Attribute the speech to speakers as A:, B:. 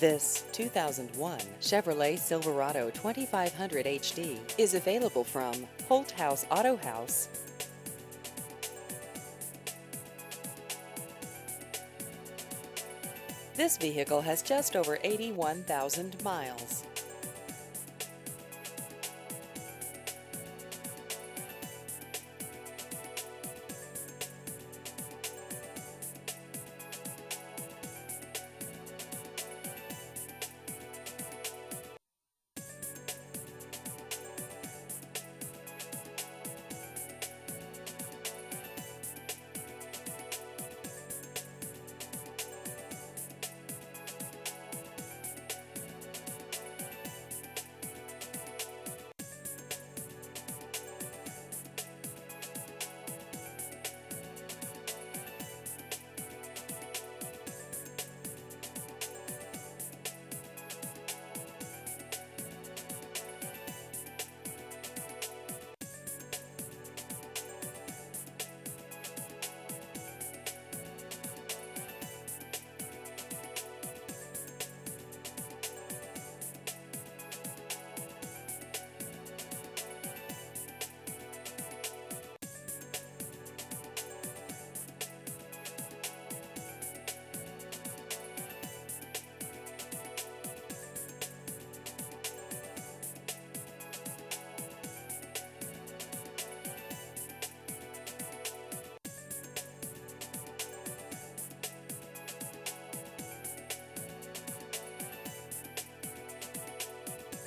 A: This 2001 Chevrolet Silverado 2500 HD is available from Holt House Auto House. This vehicle has just over 81,000 miles.